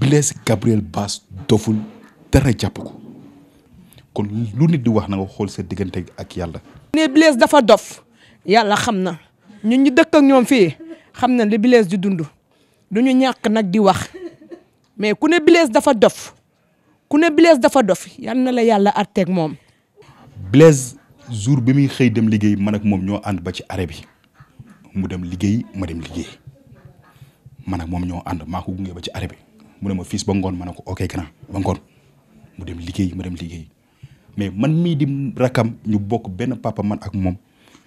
Blaise Gabriel Bass doful dara jàpp ko kon lu nit di wax na nga xol sa diggante ak Yalla ne Blaise dafa dof Yalla xamna ñun ñi dëkk ak ñom fi xamna li Blaise di dund. du ñu ñàkk nag di wax mais ku ne Blaise dafa dof ku ne Blaise dafa dof yal na la yàlla àtteeg moom. Blaise jour bi muy xëy dem liggéey man ak moom ñoo ànd ba ci arrêt bi mu dem liggéey ma dem liggéey man ak moom ñoo ànd maa ko gunge ba ci arrêt bi mu ne ma fils ba ngoon ma ne ko ok grand ba ngoon mu dem liggéey ma dem liggéey mais man mii di rakam ñu bokk benn papa man ak moom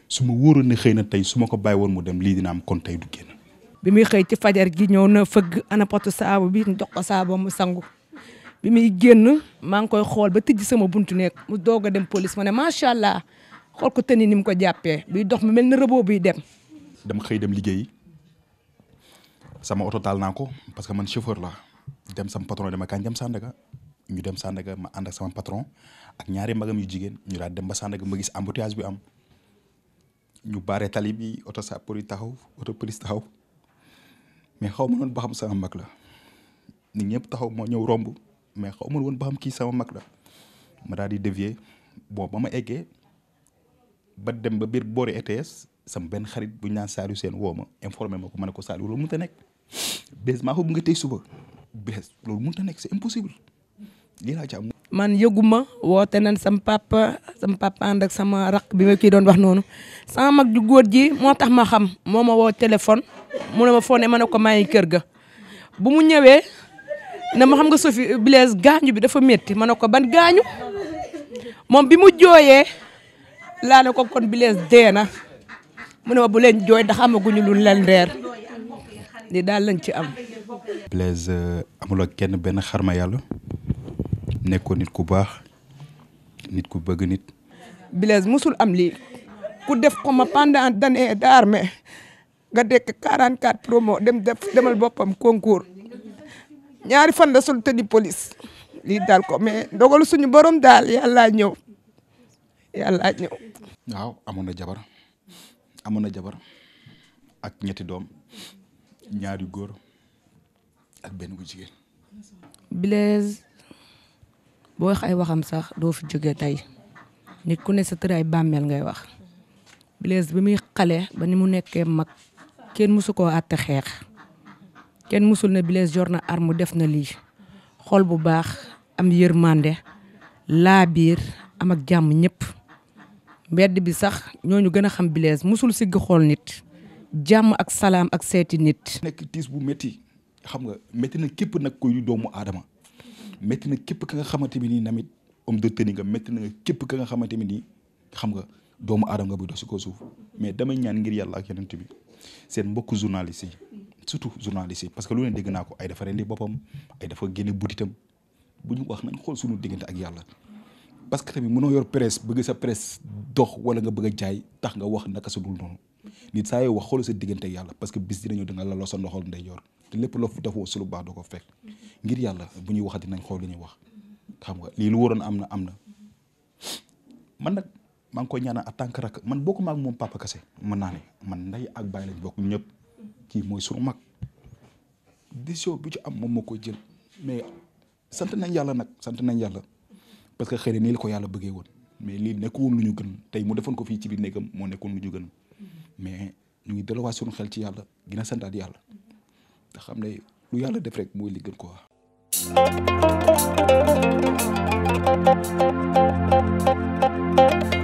su ma wóoroon ne xëy na tey su ma ko bàyyi woon mu dem lii dina am kon tey du génn. bi muy xey ci fajar gi ñëw na feug ana potu saabu bi jox ko saabu mu sangu bi muy genn ma ng koy xol ba sama buntu nek mu doga dem police ma ne macha allah xol ko teni nim ko jappé bi dox mu melni bi dem dem. xey dem liggey sama auto taal nako parce que man chauffeur la dem sama patron dem kañ dem Sandaga ñu dem Sandaga ma and ak sama patron ak ñaari magam yu jigen ñu daal dem ba Sandaga ma gis embouteillage bi am ñu baré tali bi auto sa yi taxaw auto police taxaw. mais xaw ma woon ba xam sama mag la nit ñëpp taxaw moo ñëw romb mais xaw ma woon ba xam kii sama mag la ma daal di dévier bon ba ma egge ba dem ba biir boori ETS sama benn xarit bu ñu naan Saliou seen woo ma informé ma ko ma ne ko Saliou loolu mënut a nekk bees maa ko nga tey suba bees loolu mënut a nekk c'est impossible lii laa ci man yëguma woote nañ sam papa sam papa ànd ak sama raq bi ma kii doon wax noonu sama mag ju góor ji moo tax ma xam moo ma woo téléphone mu ne ma foo ne ma ne ko may kër ga bu mu ñëwee ne ma xam nga Sophie Blaise gaañu bi dafa métti ma ne ko ban gaañu moom bi mu jooyee laa ne ko kon Blaise dee na mu ne ma bu leen jooy ndax amaguñu lu leen reer di daal lañ ci am Blaise amuloo kenn benn xarma yàlla nekkoon nit ku baax nit ku bëgg nit. Blaise musul am lii ku def xoma pendant d'année d'armée nga dekk 44 moo dem def demal boppam concours ñaari fan la sol police lii daal ko mais dogalu suñu borom daal yàllaa ñëw yàllaa ñëw. waaw amoon na jabar amoon na jabar ak ñetti doom ñaari góor ak benn bu jigéen. boo wax ay waxam sax doo fi jóge tey nit ku ne sa tëraay bàmmeel ngay wax Blaise bi muy xale ba ni mu nekkee mag kenn mësu koo àtte xeex kenn mësul na Blaise jor na arme def na lii xool bu baax am yërmande laa biir am ak jàmm ñëpp mbedd bi sax ñooñu gën a xam Blaise mësul sigg xool nit jàmm ak salaam ak seeti nit nekk tiis bu métti xam nga métti na képp nag koy doomu aadama métti na képp ka nga xamante ni nii tamit homme de tenue nga métti képp ka nga xamante ni nii xam nga doomu aadama nga buy dox si ko suuf mais damay ñaan ngir yàlla ak yonent bi seen mbokk journaliste yi surtout journaliste yi parce que lu ne dégg naa ko ay dafa rendi boppam ay dafa génne butitam bu ñu wax nañ xool suñu diggante ak yàlla parce que tamit mënoo yor presse bëgg sa presse dox wala nga bëgg a jaay tax nga wax naka su dul noonu nit saa yoo wax xoolal sa diggante yàlla parce que bis dinañu da nga laloo sa ndoxal ndeyjoor te lépp loo fu defoo su lu baax doo fekk ngir yàlla bu ñuy waxati nañ xool li wax xam nga lii lu waroon am na am na man nag maa ngi koy ñaanal en tant man bokku ak moom papa kese naa ne man ndey ak baay lañ bokk ñëpp kii mooy sunu mag di soo bi ci am moom moo koy jël mais sant nañ yàlla nag sant nañ yàlla parce que xëy na nii la ko yàlla bëggee woon mais lii nekk woon lu ñu gën tey mu defoon ko fii ci biir néegam moo nekkoon lu ñu gën mais de ngi delluwaat suñu xel ci yàlla gën a santaat yàlla te xam lu yàlla def rek mooy li gën ko